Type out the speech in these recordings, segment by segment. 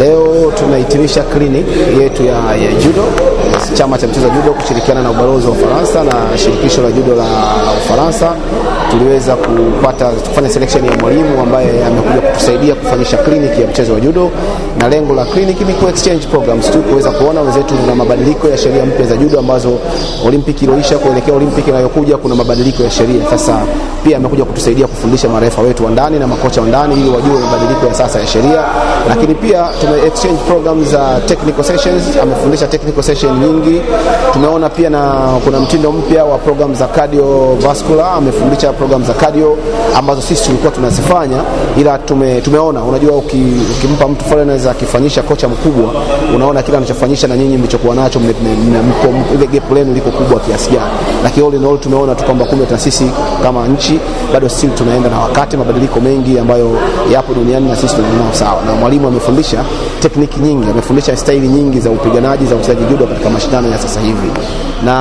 Leo tunahitimisha clinic yetu ya, ya judo chama cha mchezo judo kushirikiana na ubalozi wa Ufaransa na shirikisho la judo la Ufaransa tuliweza kupata kufanya selection ya mwalimu ambaye amekuja kutusaidia kufanyisha clinic ya mchezo wa judo, na lengo la clinic ni ku exchange programs tu kuweza kuona wenzetu, kuna mabadiliko ya sheria mpya za judo ambazo olimpiki iloisha kuelekea olimpiki inayokuja, kuna mabadiliko ya sheria. Sasa pia amekuja kutusaidia kufundisha marefa wetu wa ndani na makocha wa ndani ili wajue mabadiliko ya sasa ya sheria, lakini pia tume exchange programs za technical sessions, amefundisha technical session nyingi. Tumeona pia na kuna mtindo mpya wa programs za cardiovascular amefundisha program za cardio ambazo sisi tulikuwa tunazifanya, ila tume, tumeona unajua, ukimpa mtu fulani anaweza akifanyisha kocha mkubwa, unaona kila anachofanyisha na nyinyi mlichokuwa nacho ile gap lenu liko kubwa kiasi gani, lakini all in all tumeona tu kwamba kumbe na sisi kama nchi bado sisi tunaenda na wakati, mabadiliko mengi ambayo yapo duniani na sisi tunaenda sawa. Na mwalimu amefundisha tekniki nyingi, amefundisha staili nyingi za upiganaji za uchezaji judo katika mashindano ya sasa hivi, na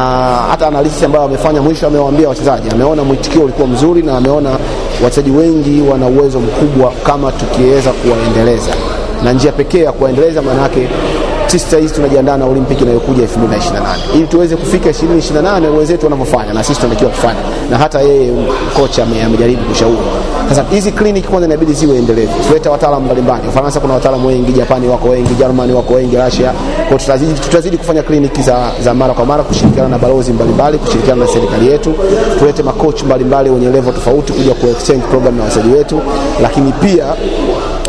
hata analisi ambayo amefanya mwisho, amewaambia wachezaji, ameona mwitikio ulikuwa mzunguko mzuri na ameona wachezaji wengi wana uwezo mkubwa kama tukiweza kuwaendeleza, na njia pekee ya kuwaendeleza maana sisi saa tunajiandaa na Olimpiki inayokuja 2028 ili tuweze kufika 2028 wenzetu wanavyofanya, na sisi tunatakiwa kufanya, na hata yeye kocha amejaribu kushauri. Sasa hizi kliniki kwanza inabidi ziwe endelevu, tuleta wataalamu mbalimbali. Ufaransa kuna wataalamu wengi, Japani wako wengi, Germany wako wengi, Russia kwa tutazidi, tutazidi kufanya kliniki za, za mara kwa mara kushirikiana na balozi mbalimbali, kushirikiana na serikali yetu, tulete makochi mbalimbali wenye level tofauti kuja ku exchange program na wasaji wetu, lakini pia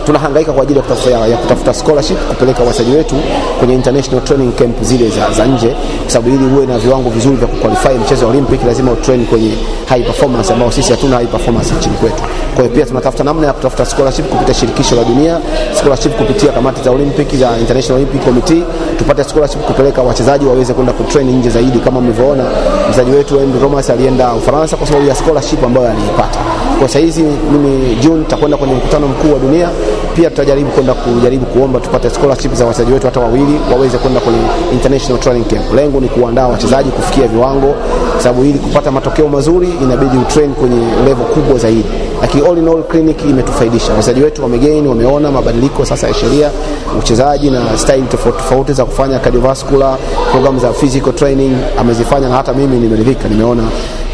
tunahangaika kwa ajili ya, ya kutafuta scholarship kupeleka wasaji wetu kwenye international training camp zile za, za nje, kwa sababu ili uwe na viwango vizuri vya kuqualify mchezo wa Olympic lazima utrain kwenye high performance, ambao sisi hatuna high performance nchini kwetu. Kwa hiyo pia tunatafuta namna ya kutafuta scholarship kupitia shirikisho la dunia, scholarship kupitia kamati za Olympic za International Olympic Committee, tupate scholarship kupeleka wachezaji waweze kwenda kutrain nje zaidi. Kama mlivyoona mchezaji wetu Andrew Thomas alienda Ufaransa kwa sababu ya scholarship ambayo aliipata. Kwa saizi mimi June nitakwenda kwenye mkutano mkuu wa dunia, pia tutajaribu kwenda kujaribu kuomba tupate scholarship za wachezaji wetu hata wawili waweze kwenda kwenye international training camp. Lengo ni kuandaa wachezaji kufikia viwango, sababu ili kupata matokeo mazuri inabidi utrain kwenye level kubwa zaidi. Lakini all in all clinic imetufaidisha wachezaji wetu, wamegain, wameona mabadiliko sasa ya sheria uchezaji na style tofauti tofauti za kufanya cardiovascular, programu za physical training amezifanya, na hata mimi nimeridhika, nimeona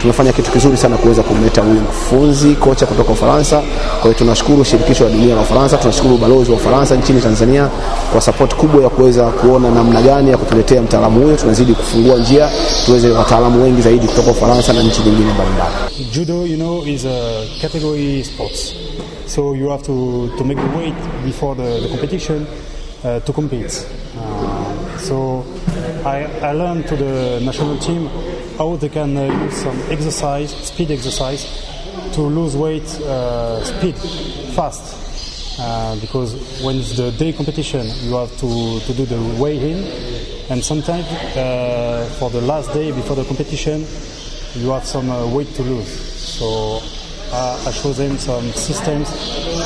tumefanya kitu kizuri sana kuweza kumleta huyu mkufunzi kocha kutoka Ufaransa. Kwa hiyo tunashukuru shirikisho la dunia la Ufaransa, tunashukuru ubalozi wa Ufaransa nchini Tanzania kwa support kubwa ya kuweza kuona namna gani ya kutuletea mtaalamu huyo. Tunazidi kufungua njia tuweze wataalamu wengi zaidi kutoka Ufaransa na nchi nyingine mbalimbali. Judo you know is a category e sports so you have to to make the weight before the, the competition uh, to compete uh, so I, I learned to the national team how they can uh, use some exercise, speed exercise, to lose weight uh, speed fast. Uh, because when it's the day competition, you have to, to do the weigh in, and sometimes uh, for the last day before the competition, you have some uh, weight to lose. So uh, I show them some systems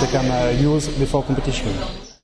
they can use before competition.